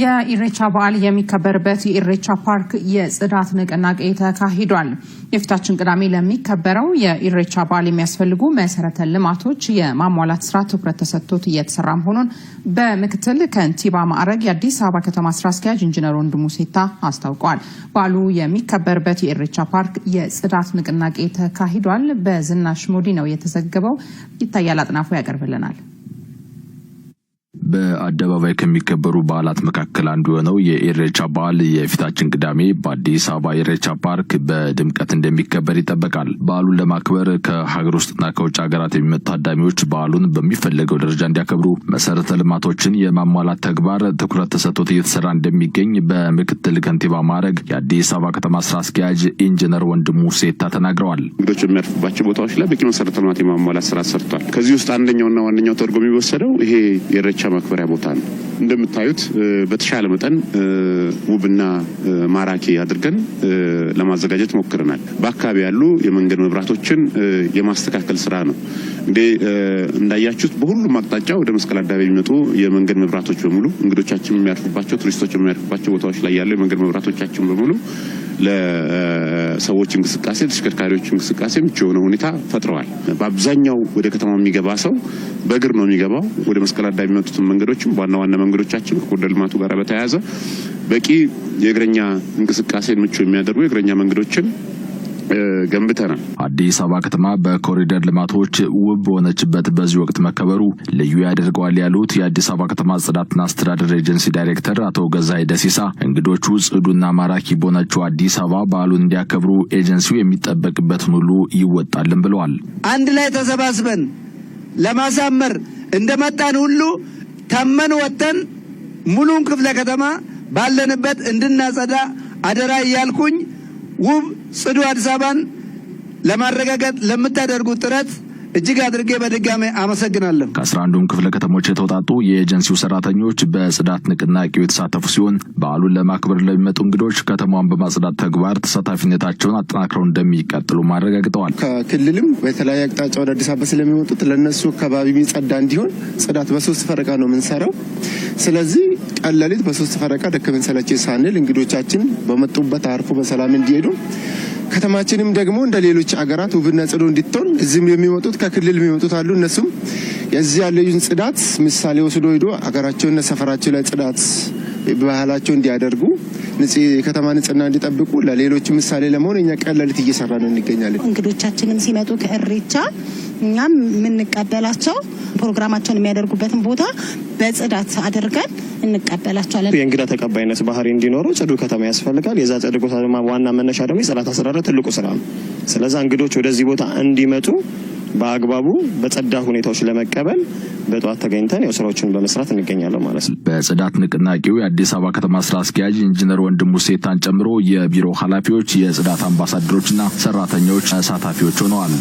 የኢሬቻ በዓል የሚከበርበት የኢሬቻ ፓርክ የጽዳት ንቅናቄ ተካሂዷል። የፊታችን ቅዳሜ ለሚከበረው የኢሬቻ በዓል የሚያስፈልጉ መሰረተ ልማቶች የማሟላት ስራ ትኩረት ተሰጥቶት እየተሰራ መሆኑን በምክትል ከንቲባ ማዕረግ የአዲስ አበባ ከተማ ስራ አስኪያጅ ኢንጂነር ወንድሙ ሴታ አስታውቀዋል። በዓሉ የሚከበርበት የኢሬቻ ፓርክ የጽዳት ንቅናቄ ተካሂዷል። በዝናሽ ሞዲ ነው የተዘገበው። ይታያል አጥናፉ ያቀርብልናል። በአደባባይ ከሚከበሩ በዓላት መካከል አንዱ የሆነው የኢሬቻ በዓል የፊታችን ቅዳሜ በአዲስ አበባ ኢሬቻ ፓርክ በድምቀት እንደሚከበር ይጠበቃል። በዓሉን ለማክበር ከሀገር ውስጥና ከውጭ ሀገራት የሚመጡ ታዳሚዎች በዓሉን በሚፈለገው ደረጃ እንዲያከብሩ መሰረተ ልማቶችን የማሟላት ተግባር ትኩረት ተሰጥቶት እየተሰራ እንደሚገኝ በምክትል ከንቲባ ማዕረግ የአዲስ አበባ ከተማ ስራ አስኪያጅ ኢንጂነር ወንድሙ ሴታ ተናግረዋል። እንግዶች የሚያርፉባቸው ቦታዎች ላይ በቂ መሰረተ ልማት የማሟላት ስራ ሰርቷል። ከዚህ ውስጥ አንደኛውና ዋነኛው ተደርጎ የሚወሰደው ይሄ ኢሬቻ ማክበሪያ ቦታ ነው። እንደምታዩት በተሻለ መጠን ውብና ማራኪ አድርገን ለማዘጋጀት ሞክረናል። በአካባቢ ያሉ የመንገድ መብራቶችን የማስተካከል ስራ ነው። እንግዲህ እንዳያችሁት በሁሉም አቅጣጫ ወደ መስቀል አደባባይ የሚመጡ የመንገድ መብራቶች በሙሉ እንግዶቻችን የሚያርፉባቸው፣ ቱሪስቶች የሚያርፉባቸው ቦታዎች ላይ ያሉ የመንገድ መብራቶቻችን በሙሉ ለሰዎች እንቅስቃሴ፣ ተሽከርካሪዎች እንቅስቃሴ ምቹ የሆነ ሁኔታ ፈጥረዋል። በአብዛኛው ወደ ከተማ የሚገባ ሰው በእግር ነው የሚገባው። ወደ መስቀል አዳ የሚመጡትን መንገዶችም ዋና ዋና መንገዶቻችን ከኮሪደር ልማቱ ጋር በተያያዘ በቂ የእግረኛ እንቅስቃሴን ምቹ የሚያደርጉ የእግረኛ መንገዶችን ገንብተናል። አዲስ አበባ ከተማ በኮሪደር ልማቶች ውብ በሆነችበት በዚህ ወቅት መከበሩ ልዩ ያደርገዋል ያሉት የአዲስ አበባ ከተማ ጽዳትና አስተዳደር ኤጀንሲ ዳይሬክተር አቶ ገዛይ ደሲሳ እንግዶቹ ጽዱና ማራኪ በሆነችው አዲስ አበባ በዓሉን እንዲያከብሩ ኤጀንሲው የሚጠበቅበትን ሁሉ ይወጣልን ብለዋል። አንድ ላይ ተሰባስበን ለማሳመር እንደመጣን ሁሉ ተመን ወጥተን ሙሉን ክፍለ ከተማ ባለንበት እንድናጸዳ አደራ እያልኩኝ ውብ ጽዱ አዲስ አበባን ለማረጋገጥ ለምታደርጉት ጥረት እጅግ አድርጌ በድጋሚ አመሰግናለሁ። ከአስራ አንዱም ክፍለ ከተሞች የተውጣጡ የኤጀንሲው ሰራተኞች በጽዳት ንቅናቄው የተሳተፉ ሲሆን በዓሉን ለማክበር ለሚመጡ እንግዶች ከተማዋን በማጽዳት ተግባር ተሳታፊነታቸውን አጠናክረው እንደሚቀጥሉ ማረጋግጠዋል። ከክልልም በተለያየ አቅጣጫ ወደ አዲስ አበባ ስለሚመጡት ለእነሱ አካባቢ የሚጸዳ እንዲሆን ጽዳት በሶስት ፈረቃ ነው የምንሰራው። ስለዚህ ቀለሊት በሶስት ፈረቃ ደከመን ሰለቸን ሳንል እንግዶቻችን በመጡበት አርፎ በሰላም እንዲሄዱ ከተማችንም ደግሞ እንደ ሌሎች ሀገራት ውብና ጽዱ እንድትሆን እዚህም የሚመጡት ከክልል የሚመጡት አሉ። እነሱም የዚህ ያለዩን ጽዳት ምሳሌ ወስዶ ሄዶ ሀገራቸውና ሰፈራቸው ላይ ጽዳት ባህላቸው እንዲያደርጉ የከተማ ንጽህና እንዲጠብቁ ለሌሎች ምሳሌ ለመሆን እኛ ቀለልት እየሰራ ነው እንገኛለን። እንግዶቻችንም ሲመጡ ከእሬቻ እኛም የምንቀበላቸው ፕሮግራማቸውን የሚያደርጉበትን ቦታ በጽዳት አድርገን እንቀበላቸዋለን። የእንግዳ ተቀባይነት ባህሪ እንዲኖረው ጽዱ ከተማ ያስፈልጋል። የዛ ጽድ ከተማ ዋና መነሻ ደግሞ የጽዳት አሰራር ትልቁ ስራ ነው። ስለዛ እንግዶች ወደዚህ ቦታ እንዲመጡ በአግባቡ በጸዳ ሁኔታዎች ለመቀበል በጠዋት ተገኝተን ያው ስራዎችን በመስራት እንገኛለን ማለት ነው። በጽዳት ንቅናቄው የአዲስ አበባ ከተማ ስራ አስኪያጅ ኢንጂነር ወንድሙ ሴታን ጨምሮ የቢሮ ኃላፊዎች፣ የጽዳት አምባሳደሮችና ሰራተኞች ተሳታፊዎች ሆነዋል።